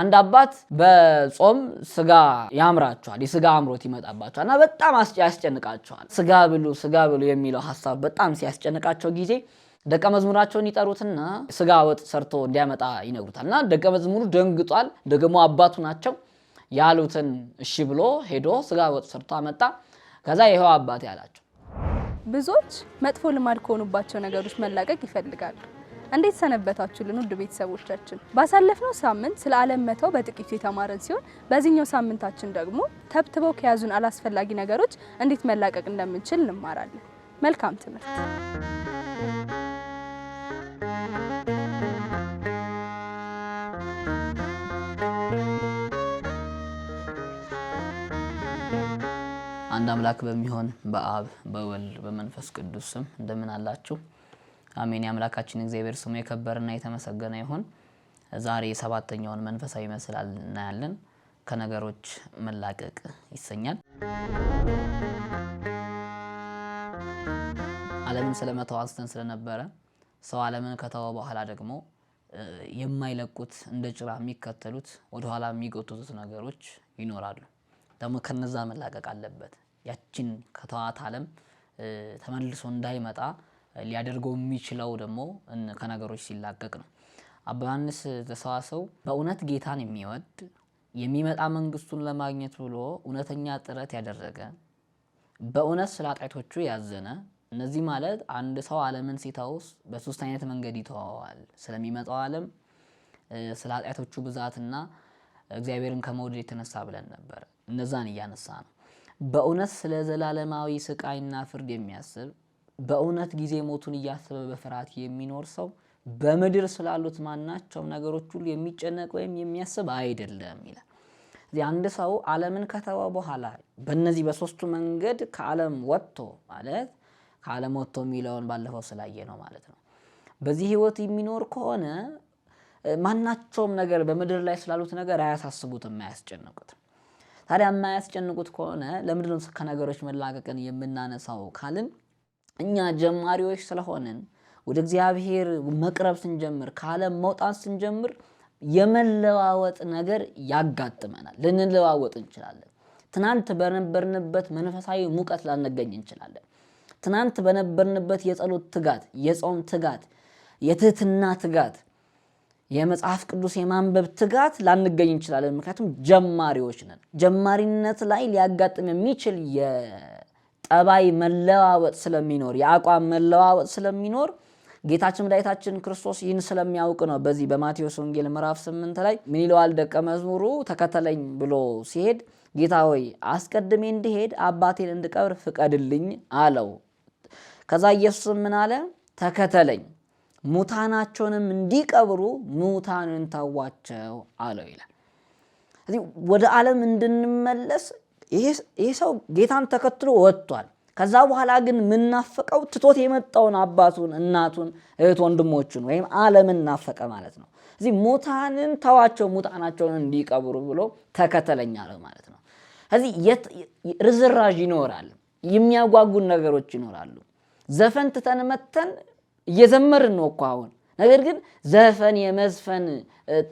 አንድ አባት በጾም ስጋ ያምራቸዋል፣ የስጋ አምሮት ይመጣባቸዋል እና በጣም ያስጨንቃቸዋል። ስጋ ብሉ ስጋ ብሉ የሚለው ሀሳብ በጣም ሲያስጨንቃቸው ጊዜ ደቀ መዝሙራቸውን ይጠሩትና ስጋ ወጥ ሰርቶ እንዲያመጣ ይነግሩታል እና ደቀ መዝሙሩ ደንግጧል። ደግሞ አባቱ ናቸው ያሉትን እሺ ብሎ ሄዶ ስጋ ወጥ ሰርቶ አመጣ። ከዛ ይኸው አባት ያላቸው። ብዙዎች መጥፎ ልማድ ከሆኑባቸው ነገሮች መላቀቅ ይፈልጋሉ። እንዴት ሰነበታችሁልን ውድ ቤተሰቦቻችን? ባሳለፍነው ሳምንት ስለ ዓለም መተው በጥቂቱ የተማረን ሲሆን በዚህኛው ሳምንታችን ደግሞ ተብትበው ከያዙን አላስፈላጊ ነገሮች እንዴት መላቀቅ እንደምንችል እንማራለን። መልካም ትምህርት። አንድ አምላክ በሚሆን በአብ በወልድ በመንፈስ ቅዱስ ስም እንደምን አላችሁ? አሜን። የአምላካችን እግዚአብሔር ስሙ የከበረና የተመሰገነ ይሁን። ዛሬ ሰባተኛውን መንፈሳዊ ይመስላል እናያለን። ከነገሮች መላቀቅ ይሰኛል። ዓለምን ስለመተው አንስተን ስለነበረ ሰው ዓለምን ከተወ በኋላ ደግሞ የማይለቁት እንደ ጭራ የሚከተሉት ወደኋላ የሚጎትቱት ነገሮች ይኖራሉ። ደግሞ ከነዛ መላቀቅ አለበት። ያችን ከተዋት ዓለም ተመልሶ እንዳይመጣ ሊያደርገው የሚችለው ደግሞ ከነገሮች ሲላቀቅ ነው። አባ ዮሐንስ ተሰዋሰው በእውነት ጌታን የሚወድ የሚመጣ መንግስቱን ለማግኘት ብሎ እውነተኛ ጥረት ያደረገ በእውነት ስለ ኃጢአቶቹ ያዘነ። እነዚህ ማለት አንድ ሰው ዓለምን ሲተውስ በሶስት አይነት መንገድ ይተዋዋል። ስለሚመጣው ዓለም፣ ስለ ኃጢአቶቹ ብዛትና እግዚአብሔርን ከመውደድ የተነሳ ብለን ነበር እነዛን እያነሳ ነው። በእውነት ስለ ዘላለማዊ ስቃይና ፍርድ የሚያስብ በእውነት ጊዜ ሞቱን እያሰበ በፍርሃት የሚኖር ሰው በምድር ስላሉት ማናቸውም ነገሮች ሁሉ የሚጨነቅ ወይም የሚያስብ አይደለም ይላል። እዚህ አንድ ሰው ዓለምን ከተወ በኋላ በእነዚህ በሶስቱ መንገድ ከዓለም ወጥቶ ማለት ከዓለም ወጥቶ የሚለውን ባለፈው ስላየ ነው ማለት ነው። በዚህ ህይወት የሚኖር ከሆነ ማናቸውም ነገር በምድር ላይ ስላሉት ነገር አያሳስቡትም፣ አያስጨንቁትም። ታዲያ የማያስጨንቁት ከሆነ ለምድር ከነገሮች መላቀቅን የምናነሳው ካልን እኛ ጀማሪዎች ስለሆንን ወደ እግዚአብሔር መቅረብ ስንጀምር፣ ከዓለም መውጣት ስንጀምር የመለዋወጥ ነገር ያጋጥመናል። ልንለዋወጥ እንችላለን። ትናንት በነበርንበት መንፈሳዊ ሙቀት ላንገኝ እንችላለን። ትናንት በነበርንበት የጸሎት ትጋት፣ የጾም ትጋት፣ የትህትና ትጋት፣ የመጽሐፍ ቅዱስ የማንበብ ትጋት ላንገኝ እንችላለን። ምክንያቱም ጀማሪዎች ነን። ጀማሪነት ላይ ሊያጋጥም የሚችል ጠባይ መለዋወጥ ስለሚኖር የአቋም መለዋወጥ ስለሚኖር ጌታችን መድኃኒታችን ክርስቶስ ይህን ስለሚያውቅ ነው። በዚህ በማቴዎስ ወንጌል ምዕራፍ ስምንት ላይ ምን ይለዋል? ደቀ መዝሙሩ ተከተለኝ ብሎ ሲሄድ ጌታ ሆይ አስቀድሜ እንድሄድ አባቴን እንድቀብር ፍቀድልኝ አለው። ከዛ ኢየሱስም ምን አለ? ተከተለኝ ሙታናቸውንም እንዲቀብሩ ሙታንን ታዋቸው አለው ይላል። ወደ ዓለም እንድንመለስ ይሄ ሰው ጌታን ተከትሎ ወጥቷል። ከዛ በኋላ ግን የምናፈቀው ትቶት የመጣውን አባቱን፣ እናቱን፣ እህት ወንድሞቹን ወይም ዓለምን ናፈቀ ማለት ነው። እዚህ ሙታንን ተዋቸው ሙታናቸውን እንዲቀብሩ ብሎ ተከተለኝ ማለት ነው። እዚህ ርዝራዥ ይኖራል፣ የሚያጓጉን ነገሮች ይኖራሉ። ዘፈን ትተን መተን እየዘመርን ነው እኮ አሁን ነገር ግን ዘፈን የመዝፈን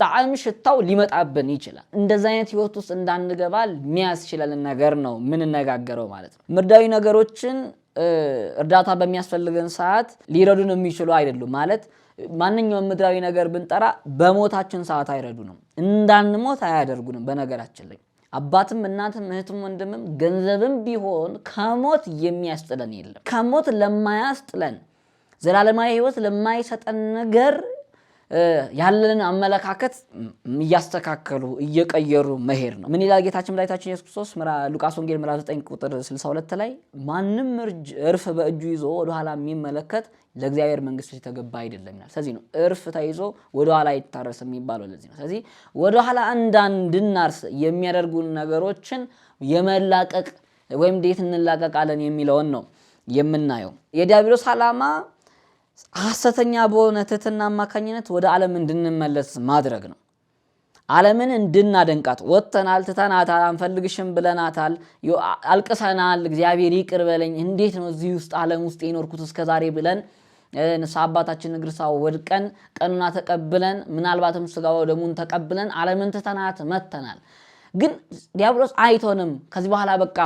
ጣዕም ሽታው ሊመጣብን ይችላል። እንደዚ አይነት ህይወት ውስጥ እንዳንገባል የሚያስችለን ነገር ነው የምንነጋገረው ማለት ነው። ምድራዊ ነገሮችን እርዳታ በሚያስፈልገን ሰዓት ሊረዱን የሚችሉ አይደሉም ማለት ማንኛውም ምድራዊ ነገር ብንጠራ በሞታችን ሰዓት አይረዱንም፣ እንዳንሞት አያደርጉንም። በነገራችን ላይ አባትም እናትም እህትም ወንድምም ገንዘብም ቢሆን ከሞት የሚያስጥለን የለም። ከሞት ለማያስጥለን ዘላለማዊ ህይወት ለማይሰጠን ነገር ያለንን አመለካከት እያስተካከሉ እየቀየሩ መሄድ ነው። ምን ይላል ጌታችን መድኃኒታችን ኢየሱስ ክርስቶስ ሉቃስ ወንጌል ምዕራፍ 9 ቁጥር 62 ላይ ማንም እርፍ በእጁ ይዞ ወደኋላ የሚመለከት ለእግዚአብሔር መንግሥት የተገባ አይደለም ይላል። ስለዚህ ነው እርፍ ተይዞ ወደኋላ አይታረስ የሚባለው ለዚህ ነው። ስለዚህ ወደኋላ እንዳንድናርስ የሚያደርጉን ነገሮችን የመላቀቅ ወይም እንዴት እንላቀቃለን የሚለውን ነው የምናየው የዲያብሎስ ዓላማ ሐሰተኛ በሆነ ትህትና አማካኝነት ወደ ዓለም እንድንመለስ ማድረግ ነው። ዓለምን እንድናደንቃት ወጥተናል፣ ትተናታል፣ አንፈልግሽም ብለናታል፣ አልቅሰናል፣ እግዚአብሔር ይቅር በለኝ እንዴት ነው እዚህ ውስጥ ዓለም ውስጥ የኖርኩት እስከዛሬ ብለን ንስሐ አባታችን እግር ወድቀን ቀኑና ተቀብለን ምናልባትም ስጋው ደሙን ተቀብለን ዓለምን ትተናት መተናል። ግን ዲያብሎስ አይቶንም ከዚህ በኋላ በቃ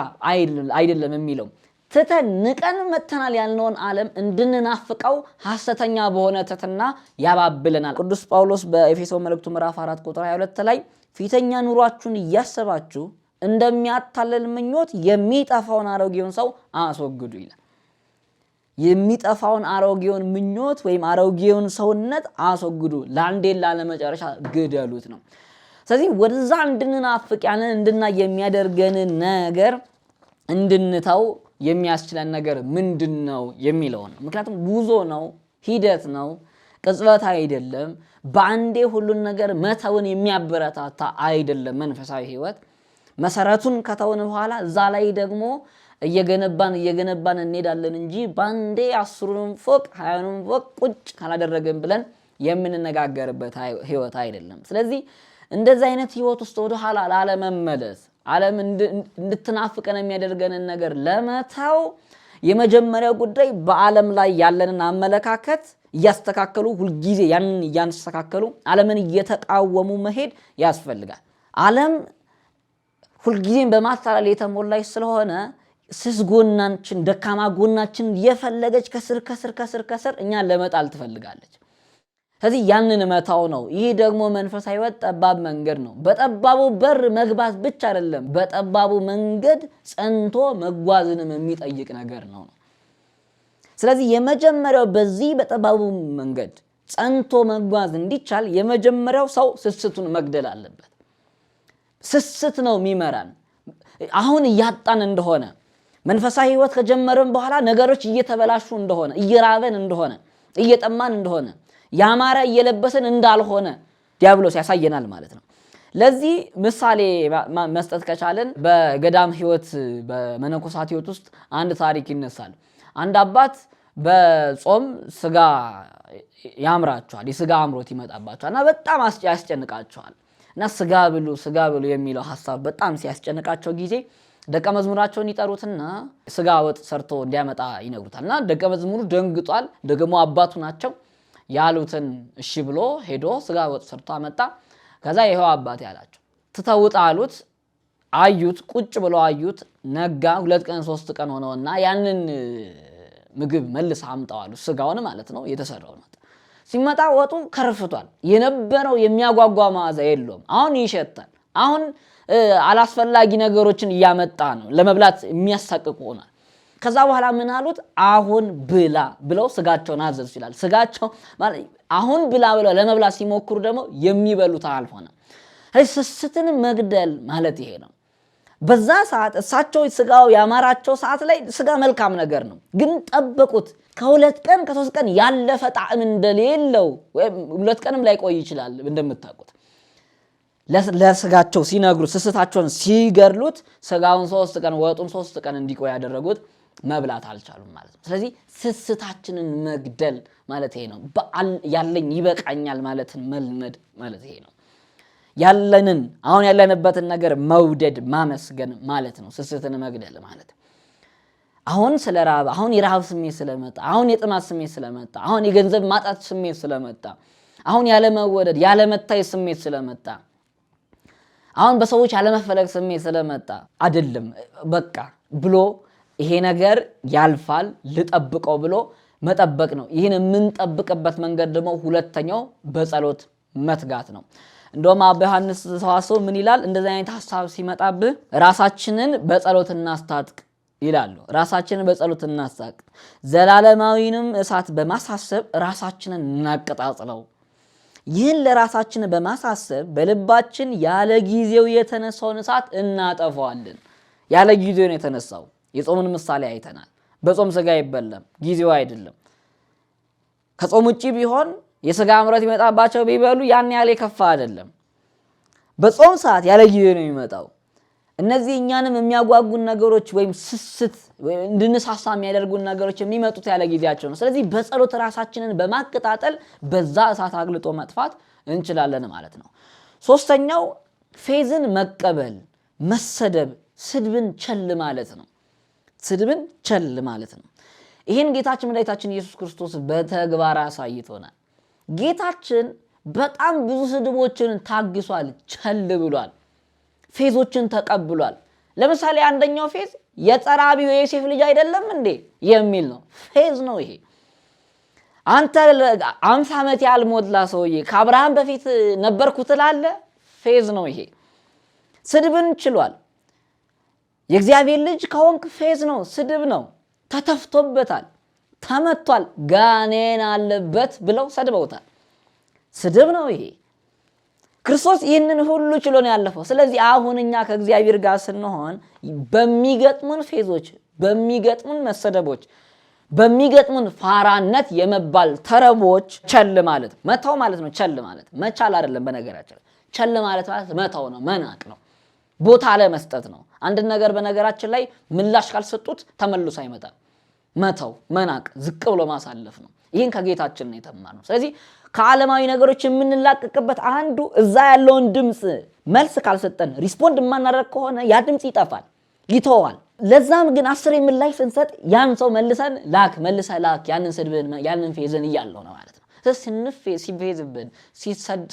አይደለም የሚለው ትተን ንቀን መጥተናል ያልነውን ዓለም እንድንናፍቀው ሐሰተኛ በሆነ ትትና ያባብለናል። ቅዱስ ጳውሎስ በኤፌሶ መልእክቱ ምዕራፍ 4 ቁጥር 22 ላይ ፊተኛ ኑሯችሁን እያሰባችሁ እንደሚያታልል ምኞት የሚጠፋውን አሮጌውን ሰው አስወግዱ ይላል። የሚጠፋውን አሮጌውን ምኞት ወይም አሮጌውን ሰውነት አስወግዱ፣ ለአንዴን ላለመጨረሻ ግደሉት ነው። ስለዚህ ወደዛ እንድንናፍቅ ያንን እንድናይ የሚያደርገንን ነገር እንድንተው የሚያስችለን ነገር ምንድን ነው የሚለውን ነው። ምክንያቱም ጉዞ ነው፣ ሂደት ነው፣ ቅጽበት አይደለም። በአንዴ ሁሉን ነገር መተውን የሚያበረታታ አይደለም። መንፈሳዊ ህይወት መሰረቱን ከተውን በኋላ እዛ ላይ ደግሞ እየገነባን እየገነባን እንሄዳለን እንጂ በአንዴ አስሩንም ፎቅ ሀያኑንም ፎቅ ቁጭ ካላደረግን ብለን የምንነጋገርበት ህይወት አይደለም። ስለዚህ እንደዚህ አይነት ህይወት ውስጥ ወደ ኋላ ላለመመለስ ዓለም እንድትናፍቀን የሚያደርገንን ነገር ለመተው የመጀመሪያው ጉዳይ በዓለም ላይ ያለንን አመለካከት እያስተካከሉ ሁልጊዜ ያንን እያስተካከሉ ዓለምን እየተቃወሙ መሄድ ያስፈልጋል። ዓለም ሁልጊዜም በማታለል የተሞላች ስለሆነ ስስ ጎናችን፣ ደካማ ጎናችን የፈለገች ከስር ከስር ከስር ከስር እኛን ለመጣል ትፈልጋለች። ስለዚህ ያንን መታው ነው። ይህ ደግሞ መንፈሳዊ ሕይወት ጠባብ መንገድ ነው። በጠባቡ በር መግባት ብቻ አይደለም፣ በጠባቡ መንገድ ጸንቶ መጓዝንም የሚጠይቅ ነገር ነው። ስለዚህ የመጀመሪያው በዚህ በጠባቡ መንገድ ጸንቶ መጓዝ እንዲቻል የመጀመሪያው ሰው ስስቱን መግደል አለበት። ስስት ነው የሚመራን። አሁን እያጣን እንደሆነ መንፈሳዊ ሕይወት ከጀመርን በኋላ ነገሮች እየተበላሹ እንደሆነ፣ እየራበን እንደሆነ፣ እየጠማን እንደሆነ ያማረ እየለበስን እንዳልሆነ ዲያብሎስ ያሳየናል ማለት ነው። ለዚህ ምሳሌ መስጠት ከቻለን በገዳም ህይወት በመነኮሳት ህይወት ውስጥ አንድ ታሪክ ይነሳል። አንድ አባት በጾም ስጋ ያምራቸዋል፣ የስጋ አምሮት ይመጣባቸዋል እና በጣም ያስጨንቃቸዋል እና ስጋ ብሉ ስጋ ብሉ የሚለው ሀሳብ በጣም ሲያስጨንቃቸው ጊዜ ደቀ መዝሙራቸውን ይጠሩትና ስጋ ወጥ ሰርቶ እንዲያመጣ ይነግሩታል እና ደቀ መዝሙሩ ደንግጧል። ደግሞ አባቱ ናቸው ያሉትን እሺ ብሎ ሄዶ ስጋ ወጥ ሰርቶ አመጣ። ከዛ ይኸው አባቴ አላቸው። ትተውጥ አሉት። አዩት፣ ቁጭ ብሎ አዩት። ነጋ። ሁለት ቀን ሶስት ቀን ሆነውና ያንን ምግብ መልስ አምጣዋሉ። ስጋውን ማለት ነው የተሰራውን ሲመጣ ወጡ ከርፍቷል። የነበረው የሚያጓጓ መዓዛ የለውም። አሁን ይሸታል። አሁን አላስፈላጊ ነገሮችን እያመጣ ነው። ለመብላት የሚያሳቅቅ ሆኗል። ከዛ በኋላ ምን አሉት? አሁን ብላ ብለው ስጋቸውን አዘዙ ይላል። ስጋቸው አሁን ብላ ብለው ለመብላት ሲሞክሩ ደግሞ የሚበሉት አልሆነ። ስስትን መግደል ማለት ይሄ ነው። በዛ ሰዓት እሳቸው ስጋው ያማራቸው ሰዓት ላይ ስጋ መልካም ነገር ነው፣ ግን ጠበቁት። ከሁለት ቀን ከሶስት ቀን ያለፈ ጣዕም እንደሌለው ወይም ሁለት ቀንም ላይቆይ ይችላል እንደምታውቁት ለስጋቸው ሲነግሩት ስስታቸውን ሲገድሉት ስጋውን ሶስት ቀን ወጡን ሶስት ቀን እንዲቆይ ያደረጉት መብላት አልቻሉም ማለት ነው። ስለዚህ ስስታችንን መግደል ማለት ይሄ ነው። ያለኝ ይበቃኛል ማለትን መልመድ ማለት ይሄ ነው። ያለንን አሁን ያለንበትን ነገር መውደድ ማመስገን ማለት ነው። ስስትን መግደል ማለት አሁን ስለ ራብ አሁን የረሃብ ስሜት ስለመጣ አሁን የጥማት ስሜት ስለመጣ አሁን የገንዘብ ማጣት ስሜት ስለመጣ አሁን ያለመወደድ ያለመታይ ስሜት ስለመጣ አሁን በሰዎች ያለመፈለግ ስሜት ስለመጣ አይደለም በቃ ብሎ ይሄ ነገር ያልፋል ልጠብቀው ብሎ መጠበቅ ነው። ይህን የምንጠብቅበት መንገድ ደግሞ ሁለተኛው በጸሎት መትጋት ነው። እንደውም አባ ዮሐንስ ሰዋስው ምን ይላል? እንደዚህ አይነት ሀሳብ ሲመጣብህ ራሳችንን በጸሎት እናስታጥቅ ይላሉ። ራሳችንን በጸሎት እናስታጥቅ፣ ዘላለማዊንም እሳት በማሳሰብ ራሳችንን እናቀጣጽለው። ይህን ለራሳችን በማሳሰብ በልባችን ያለ ጊዜው የተነሳውን እሳት እናጠፈዋለን። ያለ ጊዜው ነው የተነሳው። የጾምን ምሳሌ አይተናል። በጾም ስጋ አይበለም፣ ጊዜው አይደለም። ከጾም ውጭ ቢሆን የስጋ እምረት ይመጣባቸው ቢበሉ ያን ያለ የከፋ አይደለም። በጾም ሰዓት ያለ ጊዜ ነው የሚመጣው። እነዚህ እኛንም የሚያጓጉን ነገሮች ወይም ስስት እንድንሳሳ የሚያደርጉን ነገሮች የሚመጡት ያለ ጊዜያቸው ነው። ስለዚህ በጸሎት ራሳችንን በማቀጣጠል በዛ እሳት አግልጦ መጥፋት እንችላለን ማለት ነው። ሶስተኛው ፌዝን መቀበል መሰደብ፣ ስድብን ቸል ማለት ነው። ስድብን ቸል ማለት ነው። ይህን ጌታችን መድኃኒታችን ኢየሱስ ክርስቶስ በተግባር አሳይቶናል። ጌታችን በጣም ብዙ ስድቦችን ታግሷል፣ ቸል ብሏል፣ ፌዞችን ተቀብሏል። ለምሳሌ አንደኛው ፌዝ የጸራቢው የዮሴፍ ልጅ አይደለም እንዴ የሚል ነው። ፌዝ ነው ይሄ። አንተ አምሳ ዓመት ያልሞላ ሰውዬ ከአብርሃም በፊት ነበርኩ ትላለ። ፌዝ ነው ይሄ። ስድብን ችሏል። የእግዚአብሔር ልጅ ከሆንክ ፌዝ ነው፣ ስድብ ነው፣ ተተፍቶበታል፣ ተመቷል፣ ጋኔን አለበት ብለው ሰድበውታል። ስድብ ነው ይሄ። ክርስቶስ ይህንን ሁሉ ችሎን ያለፈው። ስለዚህ አሁን እኛ ከእግዚአብሔር ጋር ስንሆን በሚገጥሙን ፌዞች፣ በሚገጥሙን መሰደቦች፣ በሚገጥሙን ፋራነት የመባል ተረቦች ቸል ማለት መተው ማለት ነው። ቸል ማለት መቻል አይደለም። በነገራችን ቸል ማለት መተው ነው፣ መናቅ ነው። ቦታ አለመስጠት ነው። አንድ ነገር በነገራችን ላይ ምላሽ ካልሰጡት ተመልሶ አይመጣም። መተው፣ መናቅ፣ ዝቅ ብሎ ማሳለፍ ነው። ይህን ከጌታችን ነው የተማርነው። ስለዚህ ከዓለማዊ ነገሮች የምንላቀቅበት አንዱ እዛ ያለውን ድምፅ መልስ ካልሰጠን ሪስፖንድ የማናደርግ ከሆነ ያ ድምፅ ይጠፋል፣ ይተዋል። ለዛም ግን አስር የምላሽ ስንሰጥ ያን ሰው መልሰን ላክ መልሰ ላክ ያንን ስድብን ያንን ፌዝን እያለው ነው ማለት ነው። ስንፌዝ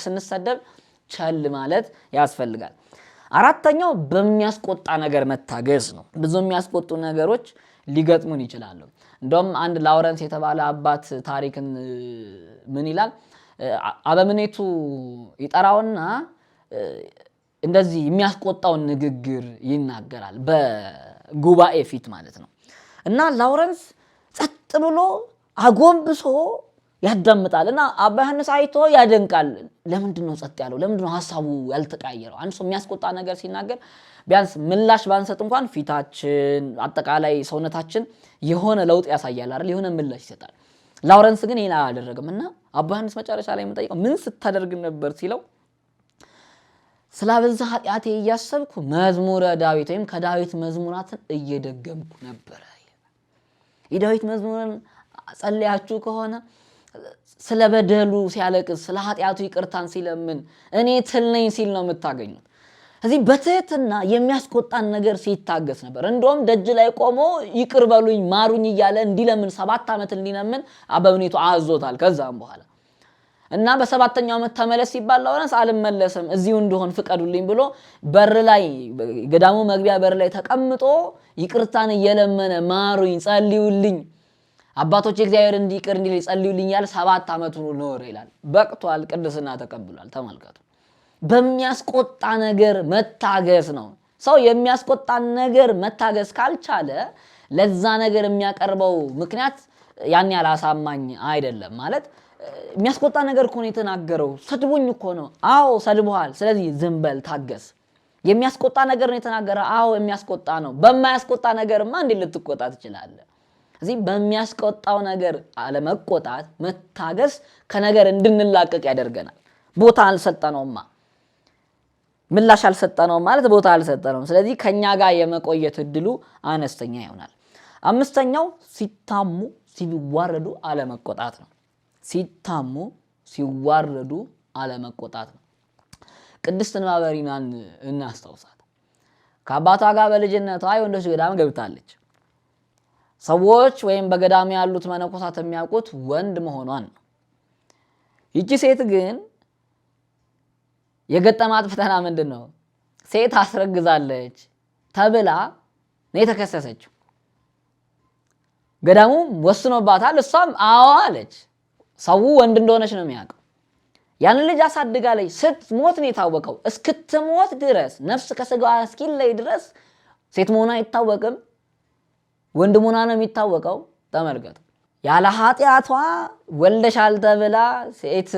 ስንሰደብ ቸል ማለት ያስፈልጋል። አራተኛው በሚያስቆጣ ነገር መታገስ ነው። ብዙ የሚያስቆጡ ነገሮች ሊገጥሙን ይችላሉ። እንደውም አንድ ላውረንስ የተባለ አባት ታሪክን ምን ይላል? አበምኔቱ ይጠራውና እንደዚህ የሚያስቆጣውን ንግግር ይናገራል፣ በጉባኤ ፊት ማለት ነው። እና ላውረንስ ጸጥ ብሎ አጎንብሶ ያዳምጣል እና አባ ዮሐንስ አይቶ ያደንቃል። ለምንድን ነው ጸጥ ያለው? ለምንድን ነው ሀሳቡ ያልተቃየረው? አንድ ሰው የሚያስቆጣ ነገር ሲናገር ቢያንስ ምላሽ ባንሰጥ እንኳን ፊታችን፣ አጠቃላይ ሰውነታችን የሆነ ለውጥ ያሳያል አይደል? የሆነ ምላሽ ይሰጣል። ላውረንስ ግን ይህን አላደረግም እና አባ ዮሐንስ መጨረሻ ላይ የምጠይቀው ምን ስታደርግ ነበር ሲለው ስላበዛ ኃጢአቴ እያሰብኩ መዝሙረ ዳዊት ወይም ከዳዊት መዝሙራትን እየደገምኩ ነበረ። የዳዊት መዝሙርን ጸለያችሁ ከሆነ ስለ በደሉ ሲያለቅስ፣ ስለ ኃጢአቱ ይቅርታን ሲለምን እኔ ትል ነኝ ሲል ነው የምታገኙት። እዚህ በትህትና የሚያስቆጣን ነገር ሲታገስ ነበር። እንደውም ደጅ ላይ ቆሞ ይቅር በሉኝ ማሩኝ እያለ እንዲለምን ሰባት ዓመት እንዲለምን አበምኔቱ አዞታል። ከዛም በኋላ እና በሰባተኛው ዓመት ተመለስ ሲባል ለሆነስ አልመለስም እዚሁ እንደሆን ፍቀዱልኝ ብሎ በር ላይ ገዳሙ መግቢያ በር ላይ ተቀምጦ ይቅርታን እየለመነ ማሩኝ፣ ጸልዩልኝ አባቶች እግዚአብሔር እንዲቅር እንዲል ይጸልዩልኛል። ሰባት ዓመት ኖር ይላል። በቅቷል። ቅድስና ተቀብሏል። ተመልከቱ። በሚያስቆጣ ነገር መታገስ ነው። ሰው የሚያስቆጣን ነገር መታገስ ካልቻለ ለዛ ነገር የሚያቀርበው ምክንያት ያን ያህል አሳማኝ አይደለም። ማለት የሚያስቆጣ ነገር እኮ ነው የተናገረው። ሰድቦኝ እኮ ነው። አዎ ሰድቦሃል። ስለዚህ ዝም በል ታገስ። የሚያስቆጣ ነገር ነው የተናገረ። አዎ የሚያስቆጣ ነው። በማያስቆጣ ነገርማ እንዴት ልትቆጣ ትችላለህ? እዚህ በሚያስቆጣው ነገር አለመቆጣት መታገስ ከነገር እንድንላቀቅ ያደርገናል። ቦታ አልሰጠነውማ፣ ምላሽ አልሰጠነውም ማለት ቦታ አልሰጠነውም። ስለዚህ ከኛ ጋር የመቆየት እድሉ አነስተኛ ይሆናል። አምስተኛው ሲታሙ ሲዋረዱ አለመቆጣት ነው። ሲታሙ ሲዋረዱ አለመቆጣት ነው። ቅድስት ንባበሪናን እናስታውሳት። ከአባቷ ጋር በልጅነቷ የወንዶች ገዳም ገብታለች። ሰዎች ወይም በገዳም ያሉት መነኮሳት የሚያውቁት ወንድ መሆኗን ነው። ይቺ ሴት ግን የገጠማት ፈተና ምንድን ነው? ሴት አስረግዛለች ተብላ ነው የተከሰሰችው። ገዳሙ ወስኖባታል። እሷም አዎ አለች። ሰው ወንድ እንደሆነች ነው የሚያውቀው። ያንን ልጅ አሳድጋለች። ስትሞት ነው የታወቀው። እስክትሞት ድረስ ነፍስ ከስጋዋ እስኪለይ ድረስ ሴት መሆኗ አይታወቅም። ወንድሙና ነው የሚታወቀው። ተመልከቱ። ያለ ኃጢአቷ ወልደሻል ተብላ ሴት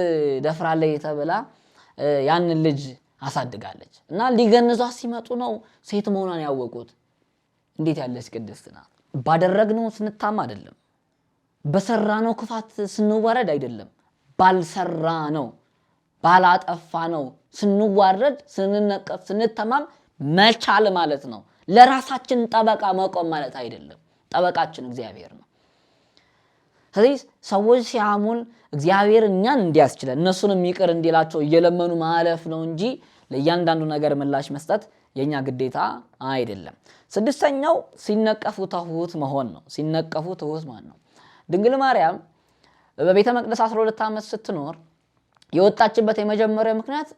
ደፍራለች ተብላ ያንን ልጅ አሳድጋለች እና ሊገንዟ ሲመጡ ነው ሴት መሆኗን ያወቁት። እንዴት ያለች ቅድስት ናት! ባደረግነው ስንታማ አይደለም፣ በሰራነው ክፋት ስንዋረድ አይደለም፣ ባልሰራ ነው ባላጠፋ ነው ስንዋረድ፣ ስንነቀፍ፣ ስንተማም መቻል ማለት ነው። ለራሳችን ጠበቃ መቆም ማለት አይደለም። ጠበቃችን እግዚአብሔር ነው። ስለዚህ ሰዎች ሲያሙን እግዚአብሔር እኛን እንዲያስችለን እነሱንም ይቅር እንዲላቸው እየለመኑ ማለፍ ነው እንጂ ለእያንዳንዱ ነገር ምላሽ መስጠት የእኛ ግዴታ አይደለም። ስድስተኛው ሲነቀፉ ትሁት መሆን ነው። ሲነቀፉ ትሁት መሆን ነው። ድንግል ማርያም በቤተ መቅደስ 12 ዓመት ስትኖር የወጣችበት የመጀመሪያው ምክንያት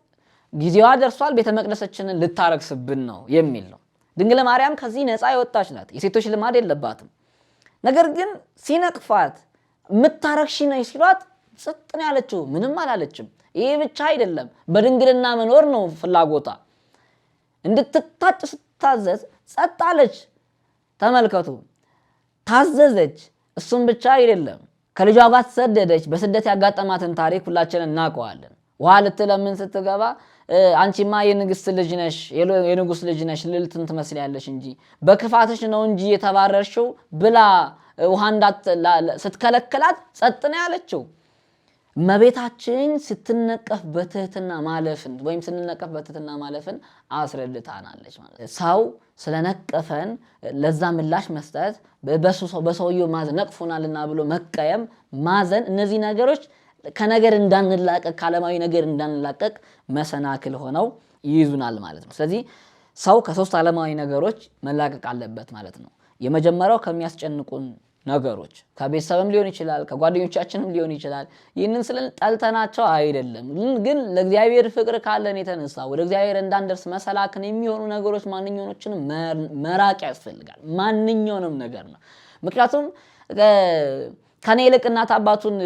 ጊዜዋ ደርሷል፣ ቤተ መቅደሳችንን ልታረግስብን ነው የሚል ነው። ድንግል ማርያም ከዚህ ነፃ የወጣች ናት። የሴቶች ልማድ የለባትም። ነገር ግን ሲነቅፋት የምታረክሺ ነሽ ሲሏት ጽጥ ነው ያለችው፣ ምንም አላለችም። ይህ ብቻ አይደለም፣ በድንግልና መኖር ነው ፍላጎቷ። እንድትታጭ ስታዘዝ ጸጥ አለች። ተመልከቱ፣ ታዘዘች። እሱም ብቻ አይደለም፣ ከልጇ ጋር ተሰደደች። በስደት ያጋጠማትን ታሪክ ሁላችን እናውቀዋለን። ውሃ ልትለምን ስትገባ አንቺማ የንግስት ልጅ ነሽ፣ የንጉስ ልጅ ነሽ፣ ልዕልትን ትመስልያለሽ እንጂ በክፋትሽ ነው እንጂ የተባረርሽው ብላ ውሃ ስትከለክላት ጸጥ ነው ያለችው። መቤታችን ስትነቀፍ በትህትና ማለፍን ወይም ስንነቀፍ በትህትና ማለፍን አስረድታናለች። ማለት ሰው ስለነቀፈን ለዛ ምላሽ መስጠት፣ በሰውየው ማዘን ነቅፎናልና ብሎ መቀየም፣ ማዘን እነዚህ ነገሮች ከነገር እንዳንላቀቅ ከዓለማዊ ነገር እንዳንላቀቅ መሰናክል ሆነው ይይዙናል ማለት ነው። ስለዚህ ሰው ከሶስት ዓለማዊ ነገሮች መላቀቅ አለበት ማለት ነው። የመጀመሪያው ከሚያስጨንቁን ነገሮች ከቤተሰብም ሊሆን ይችላል፣ ከጓደኞቻችንም ሊሆን ይችላል። ይህንን ስልን ጠልተናቸው አይደለም፣ ግን ለእግዚአብሔር ፍቅር ካለን የተነሳ ወደ እግዚአብሔር እንዳንደርስ መሰላክን የሚሆኑ ነገሮች ማንኛውኖችን መራቅ ያስፈልጋል። ማንኛውንም ነገር ነው ምክንያቱም ከኔ ይልቅ እናት አባቱን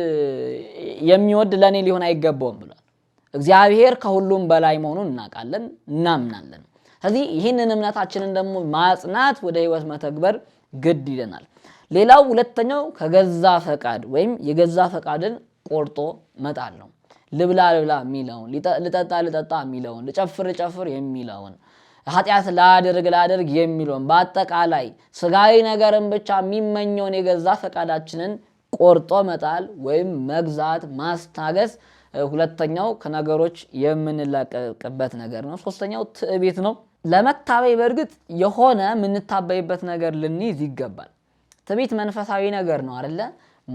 የሚወድ ለእኔ ሊሆን አይገባውም ብሏል። እግዚአብሔር ከሁሉም በላይ መሆኑን እናውቃለን፣ እናምናለን። ስለዚህ ይህንን እምነታችንን ደግሞ ማጽናት ወደ ህይወት መተግበር ግድ ይለናል። ሌላው ሁለተኛው ከገዛ ፈቃድ ወይም የገዛ ፈቃድን ቆርጦ መጣል ነው። ልብላ ልብላ የሚለውን ልጠጣ ልጠጣ የሚለውን ልጨፍር ልጨፍር የሚለውን ኃጢአት ላድርግ ላድርግ የሚለውን በአጠቃላይ ስጋዊ ነገርን ብቻ የሚመኘውን የገዛ ፈቃዳችንን ቆርጦ መጣል ወይም መግዛት፣ ማስታገስ ሁለተኛው ከነገሮች የምንላቀቅበት ነገር ነው። ሶስተኛው ትዕቢት ነው። ለመታበይ በእርግጥ የሆነ የምንታበይበት ነገር ልንይዝ ይገባል። ትዕቢት መንፈሳዊ ነገር ነው አይደለ?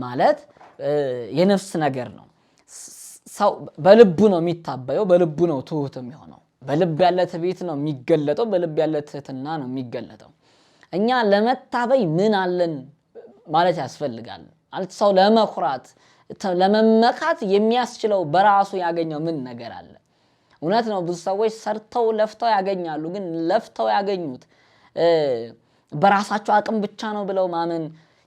ማለት የነፍስ ነገር ነው። ሰው በልቡ ነው የሚታበየው፣ በልቡ ነው ትሁት የሚሆነው። በልብ ያለ ትዕቢት ነው የሚገለጠው፣ በልብ ያለ ትህትና ነው የሚገለጠው። እኛ ለመታበይ ምን አለን ማለት ያስፈልጋል። ሰው ለመኩራት ለመመካት የሚያስችለው በራሱ ያገኘው ምን ነገር አለ? እውነት ነው። ብዙ ሰዎች ሰርተው ለፍተው ያገኛሉ። ግን ለፍተው ያገኙት በራሳቸው አቅም ብቻ ነው ብለው ማመን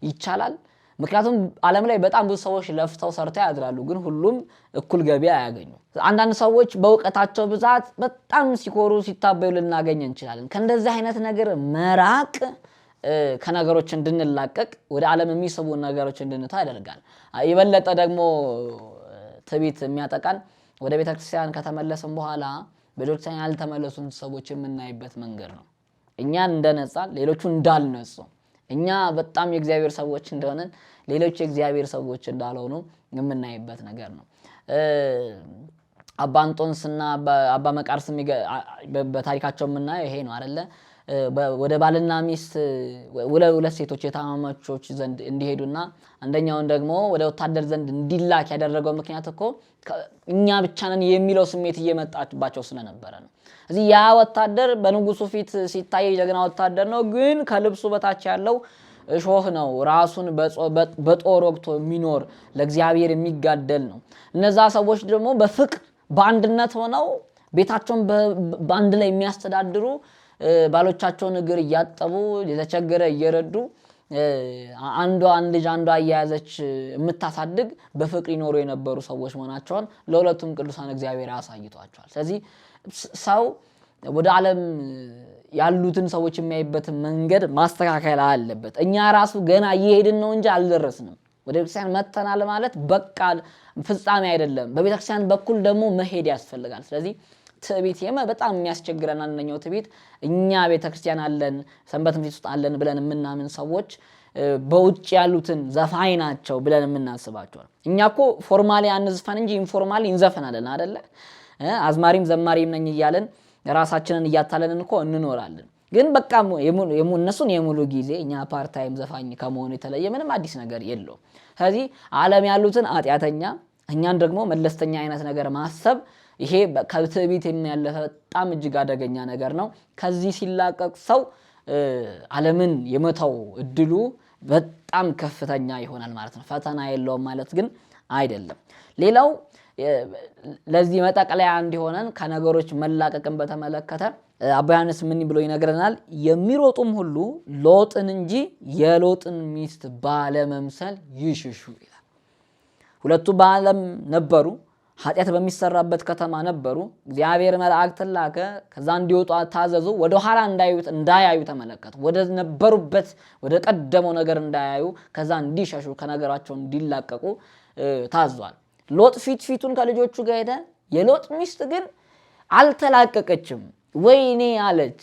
ይቻላል? ምክንያቱም ዓለም ላይ በጣም ብዙ ሰዎች ለፍተው ሰርተው ያድራሉ፣ ግን ሁሉም እኩል ገቢ አያገኙ። አንዳንድ ሰዎች በእውቀታቸው ብዛት በጣም ሲኮሩ ሲታበዩ ልናገኝ እንችላለን። ከእንደዚህ አይነት ነገር መራቅ ከነገሮች እንድንላቀቅ ወደ ዓለም የሚስቡ ነገሮች እንድንታ ያደርጋል። የበለጠ ደግሞ ትቢት የሚያጠቃን ወደ ቤተክርስቲያን ከተመለስን በኋላ ቤተክርስቲያን ያልተመለሱን ሰዎች የምናይበት መንገድ ነው። እኛ እንደነጻ ሌሎቹ እንዳልነጹ፣ እኛ በጣም የእግዚአብሔር ሰዎች እንደሆነን ሌሎች የእግዚአብሔር ሰዎች እንዳልሆኑ የምናይበት ነገር ነው። አባ እንጦንስና አባ መቃርስ በታሪካቸው የምናየው ይሄ ነው አደለ ወደ ባልና ሚስት ሁለት ሴቶች የታማማቾች ዘንድ እንዲሄዱና አንደኛውን ደግሞ ወደ ወታደር ዘንድ እንዲላክ ያደረገው ምክንያት እኮ እኛ ብቻ ነን የሚለው ስሜት እየመጣባቸው ስለነበረ ነው። እዚህ ያ ወታደር በንጉሱ ፊት ሲታይ ጀግና ወታደር ነው፣ ግን ከልብሱ በታች ያለው እሾህ ነው። ራሱን በጦር ወቅቶ የሚኖር ለእግዚአብሔር የሚጋደል ነው። እነዛ ሰዎች ደግሞ በፍቅር በአንድነት ሆነው ቤታቸውን በአንድ ላይ የሚያስተዳድሩ ባሎቻቸውን እግር እያጠቡ የተቸገረ እየረዱ አንዷ አንድ ልጅ አንዷ አያያዘች የምታሳድግ በፍቅር ይኖሩ የነበሩ ሰዎች መሆናቸውን ለሁለቱም ቅዱሳን እግዚአብሔር አሳይቷቸዋል። ስለዚህ ሰው ወደ ዓለም ያሉትን ሰዎች የሚያይበት መንገድ ማስተካከል አለበት። እኛ ራሱ ገና እየሄድን ነው እንጂ አልደረስንም። ወደ ቤተክርስቲያን መጥተናል ማለት በቃ ፍጻሜ አይደለም። በቤተክርስቲያን በኩል ደግሞ መሄድ ያስፈልጋል። ስለዚህ ትዕቢት የመ በጣም የሚያስቸግረን አንደኛው ትዕቢት እኛ ቤተ ክርስቲያን አለን ሰንበት ምሴት ውስጥ አለን ብለን የምናምን ሰዎች በውጭ ያሉትን ዘፋኝ ናቸው ብለን የምናስባቸዋል። እኛ እኮ ፎርማሊ አንዝፈን እንጂ ኢንፎርማሊ እንዘፍናለን አደለ? አዝማሪም ዘማሪም ነኝ እያለን ራሳችንን እያታለንን እኮ እንኖራለን። ግን በቃ እነሱን የሙሉ ጊዜ እኛ ፓርታይም ዘፋኝ ከመሆኑ የተለየ ምንም አዲስ ነገር የለውም። ስለዚህ አለም ያሉትን አጢአተኛ እኛን ደግሞ መለስተኛ አይነት ነገር ማሰብ ይሄ ከትዕቢት የሚያለፈ በጣም እጅግ አደገኛ ነገር ነው። ከዚህ ሲላቀቅ ሰው ዓለምን የመተው እድሉ በጣም ከፍተኛ ይሆናል ማለት ነው። ፈተና የለውም ማለት ግን አይደለም። ሌላው ለዚህ መጠቅለያ እንዲሆነን ከነገሮች መላቀቅን በተመለከተ አባ ዮሐንስ ምን ብሎ ይነግረናል? የሚሮጡም ሁሉ ሎጥን እንጂ የሎጥን ሚስት ባለመምሰል ይሽሹ ይላል። ሁለቱ በዓለም ነበሩ። ኃጢአት በሚሰራበት ከተማ ነበሩ። እግዚአብሔር መላእክትን ላከ። ከዛ እንዲወጡ ታዘዙ። ወደ ኋላ እንዳያዩ ተመለከቱ። ወደ ነበሩበት ወደ ቀደመው ነገር እንዳያዩ፣ ከዛ እንዲሸሹ፣ ከነገራቸው እንዲላቀቁ ታዟል። ሎጥ ፊት ፊቱን ከልጆቹ ጋር ሄደ። የሎጥ ሚስት ግን አልተላቀቀችም። ወይኔ አለች።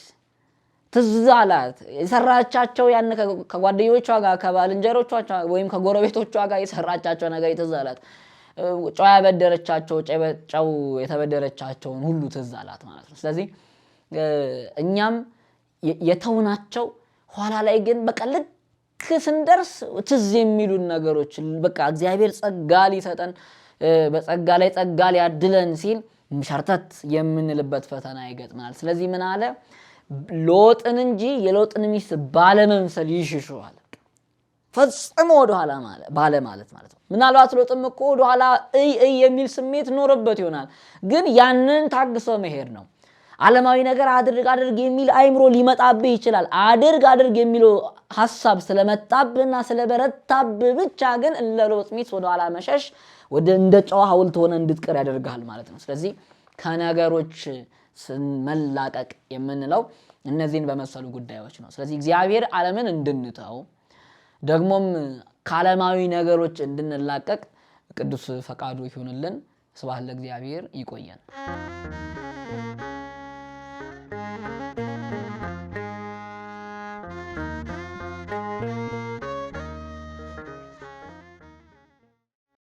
ትዝ አላት የሰራቻቸው ያን ከጓደኞቿ ጋር ከባልንጀሮቿ ወይም ከጎረቤቶቿ ጋር የሰራቻቸው ነገር ትዝ አላት። ጨው ያበደረቻቸው ጨው የተበደረቻቸውን ሁሉ ትዝ አላት ማለት ነው። ስለዚህ እኛም የተውናቸው ኋላ ላይ ግን በቃ ልክ ስንደርስ ትዝ የሚሉን ነገሮች በቃ እግዚአብሔር ጸጋ ሊሰጠን በጸጋ ላይ ጸጋ ሊያድለን ሲል ሸርተት የምንልበት ፈተና ይገጥመናል። ስለዚህ ምን አለ ሎጥን እንጂ የሎጥን ሚስት ባለመምሰል ይሽሸዋል። ፈጽሞ ወደኋላ ባለ ማለት ማለት ነው። ምናልባት ሎጥም እኮ ወደኋላ እይ እይ የሚል ስሜት ኖርበት ይሆናል። ግን ያንን ታግሶ መሄድ ነው። ዓለማዊ ነገር አድርግ አድርግ የሚል አይምሮ ሊመጣብህ ይችላል። አድርግ አድርግ የሚለው ሀሳብ ስለመጣብህና ስለበረታብህ ብቻ ግን እንደ ሎጥ ሚስት ወደኋላ መሸሽ ወደ እንደ ጨዋ ሐውልት ሆነ እንድትቀር ያደርግሃል ማለት ነው። ስለዚህ ከነገሮች መላቀቅ የምንለው እነዚህን በመሰሉ ጉዳዮች ነው። ስለዚህ እግዚአብሔር ዓለምን እንድንተው ደግሞም ከዓለማዊ ነገሮች እንድንላቀቅ ቅዱስ ፈቃዱ ይሁንልን። ስብሐት ለእግዚአብሔር። ይቆየን።